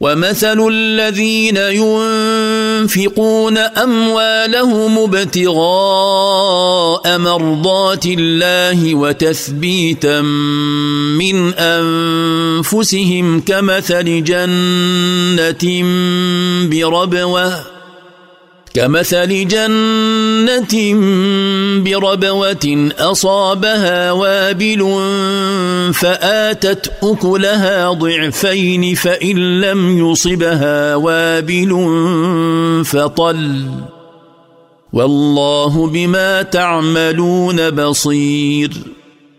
ومثل الذين ينفقون اموالهم ابتغاء مرضات الله وتثبيتا من انفسهم كمثل جنه بربوه كمثل جنة بربوة أصابها وابل فآتت أكلها ضعفين فإن لم يصبها وابل فطل والله بما تعملون بصير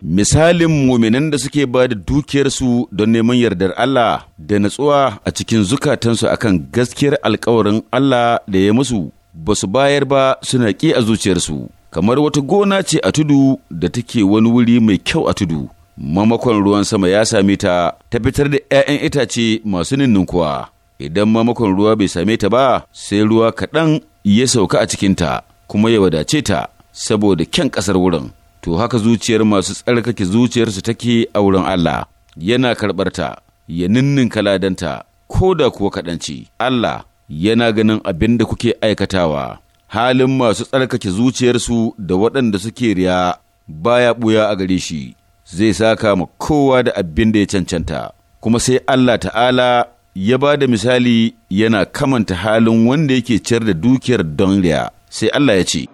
misalin muminan da suke ba da dukiyarsu don neman yardar Allah da natsuwa a cikin zukatansu akan gaskiyar alkawarin Allah da ya musu ba su bayar ba suna ƙi a zuciyarsu kamar wata gona ce a tudu da take wani wuri mai kyau a tudu mamakon ruwan sama ya same ta ta fitar da 'ya'yan itace masu ninninkuwa idan mamakon ruwa bai same ta ba sai ruwa kaɗan ya sauka a cikinta kuma ya wadace ta saboda kyan ƙasar wurin to haka zuciyar masu tsarkake zuciyarsu take a wurin Allah yana karɓar ta, ya ninninka ladanta ko da kuwa kaɗanci Allah yana ganin abin da kuke aikatawa, halin masu tsarkake zuciyarsu da waɗanda suke riya baya ɓuya a gare shi, zai saka ma kowa da abin da ya cancanta, kuma sai Allah ta'ala ya ba da misali yana kamanta halin wanda yake ciyar da dukiyar don riya, sai Allah ya ce.